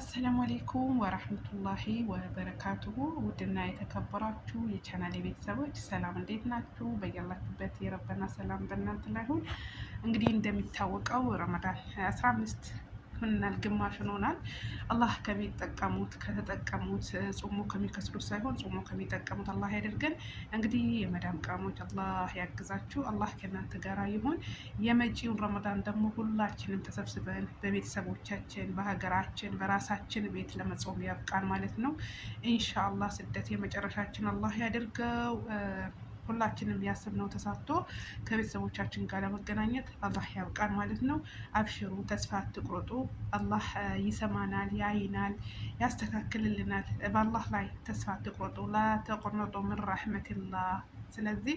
አሰላሙ አሌይኩም ወራህመቱላሂ ወበረካቱሁ። ውድና የተከበራችሁ የቻናል ቤተሰቦች ሰላም፣ እንዴት ናችሁ? በያላችሁበት የረበና ሰላም በእናንተ ላይ ሁን እንግዲህ እንደሚታወቀው ረመዳን 15 ሆንናል፣ ግማሽን ሆናል። አላህ ከሚጠቀሙት ከተጠቀሙት ጾሞ ከሚከስሩት ሳይሆን ጾሞ ከሚጠቀሙት አላህ ያደርገን። እንግዲህ የመዳም ቃሞች አላህ ያግዛችሁ፣ አላህ ከእናንተ ጋራ ይሁን። የመጪውን ረመዳን ደግሞ ሁላችንም ተሰብስበን በቤተሰቦቻችን፣ በሀገራችን፣ በራሳችን ቤት ለመጾም ያብቃን ማለት ነው። ኢንሻአላህ ስደት የመጨረሻችን አላህ ያደርገው። ሁላችንም ያሰብነው ተሳቶ ከቤተሰቦቻችን ጋር ለመገናኘት አላህ ያብቃን ማለት ነው። አብሽሩ፣ ተስፋ አትቁረጡ። አላህ ይሰማናል፣ ያይናል፣ ያስተካክልልናል። በአላህ ላይ ተስፋ አትቁረጡ። ላተቆረጡ ምን ረሕመቲላህ ስለዚህ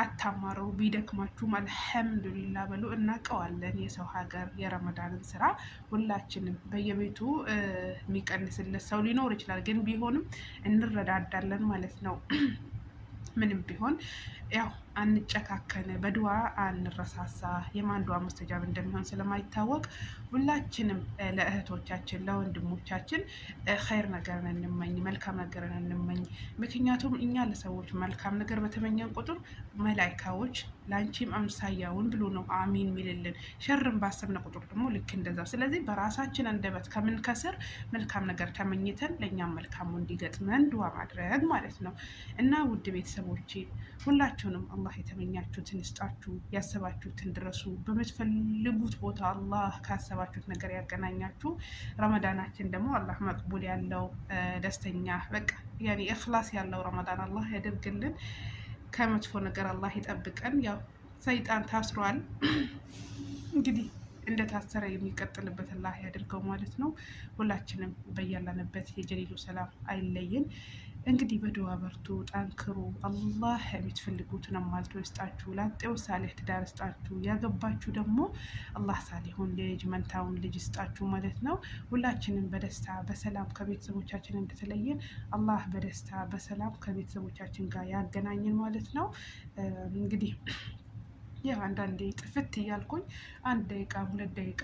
አታማረው ቢደክማችሁ አልሐምዱሊላ በሉ። እናቀዋለን የሰው ሀገር የረመዳንን ስራ ሁላችንም በየቤቱ የሚቀንስለት ሰው ሊኖር ይችላል፣ ግን ቢሆንም እንረዳዳለን ማለት ነው። ምንም ቢሆን ያው አንጨካከን፣ በድዋ አንረሳሳ። የማን ድዋ መስተጃብ እንደሚሆን ስለማይታወቅ ሁላችንም ለእህቶቻችን ለወንድሞቻችን ኸይር ነገርን እንመኝ፣ መልካም ነገርን እንመኝ። ምክንያቱም እኛ ለሰዎች መልካም ነገር በተመኘን ቁጥር መላይካዎች ለአንቺም አምሳያውን ብሎ ነው አሚን ሚልልን። ሸርን ባሰብነ ቁጥር ደግሞ ልክ እንደዛ። ስለዚህ በራሳችን አንደበት ከምንከስር መልካም ነገር ተመኝተን ለእኛም መልካሙ እንዲገጥመን ድዋ ማድረግ ማለት ነው እና ውድ ቤተሰቦቼ ሁላችሁንም አላህ የተመኛችሁትን ይስጣችሁ፣ ያሰባችሁትን ድረሱ። በምትፈልጉት ቦታ አላህ ካሰባችሁት ነገር ያገናኛችሁ። ረመዳናችን ደግሞ አላህ መቅቡል ያለው ደስተኛ በቃ ያኔ እክላስ ያለው ረመዳን አላህ ያደርግልን። ከመጥፎ ነገር አላህ ይጠብቀን። ያው ሰይጣን ታስሯል እንግዲህ እንደታሰረ የሚቀጥልበት አላህ ያድርገው ማለት ነው። ሁላችንም በያለንበት የጀሊሉ ሰላም አይለይን። እንግዲህ በድዋ በርቱ፣ ጠንክሩ። አላህ የምትፈልጉትን አሟልቶ ይስጣችሁ። ላጤው ሳሌህ ትዳር ይስጣችሁ። ያገባችሁ ደግሞ አላህ ሳሌሁን ልጅ መንታውን ልጅ ይስጣችሁ ማለት ነው። ሁላችንም በደስታ በሰላም ከቤተሰቦቻችን እንደተለየን አላህ በደስታ በሰላም ከቤተሰቦቻችን ጋር ያገናኘን ማለት ነው። እንግዲህ ይህ አንዳንዴ ጥፍት እያልኩኝ አንድ ደቂቃ ሁለት ደቂቃ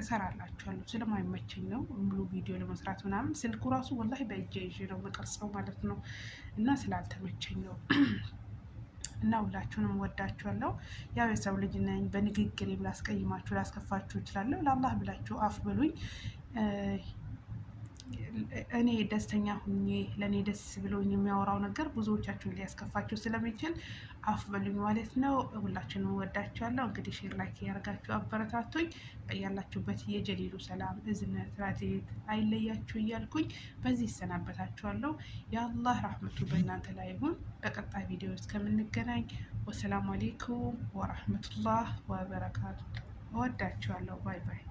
እሰራላችኋለሁ ስለማይመቸኝ ነው ሙሉ ቪዲዮ ለመስራት ምናምን። ስልኩ ራሱ ወላሂ በእጄ ይዤ ነው መቀርጸው ማለት ነው እና ስላልተመቸኝ ነው። እና ሁላችሁንም ወዳችኋለሁ። ያው የሰው ልጅ ነኝ። በንግግሬ ላስቀይማችሁ፣ ላስከፋችሁ እችላለሁ። ለአላህ ብላችሁ አፍ ብሉኝ። እኔ ደስተኛ ሁኜ ለእኔ ደስ ብሎኝ የሚያወራው ነገር ብዙዎቻችሁን ሊያስከፋችሁ ስለሚችል አፍ በሉኝ ማለት ነው። ሁላችንም ወዳችኋለሁ። እንግዲህ ሼር ላይክ ያደርጋችሁ አበረታቶኝ በያላችሁበት የጀሌሉ ሰላም እዝነት ራዴት አይለያችሁ እያልኩኝ በዚህ ይሰናበታችኋለሁ። የአላህ ራህመቱ በእናንተ ላይ ይሁን። በቀጣይ ቪዲዮ እስከምንገናኝ ወሰላሙ አሌይኩም ወራህመቱላህ ወበረካቱ። እወዳችኋለሁ። ባይ ባይ።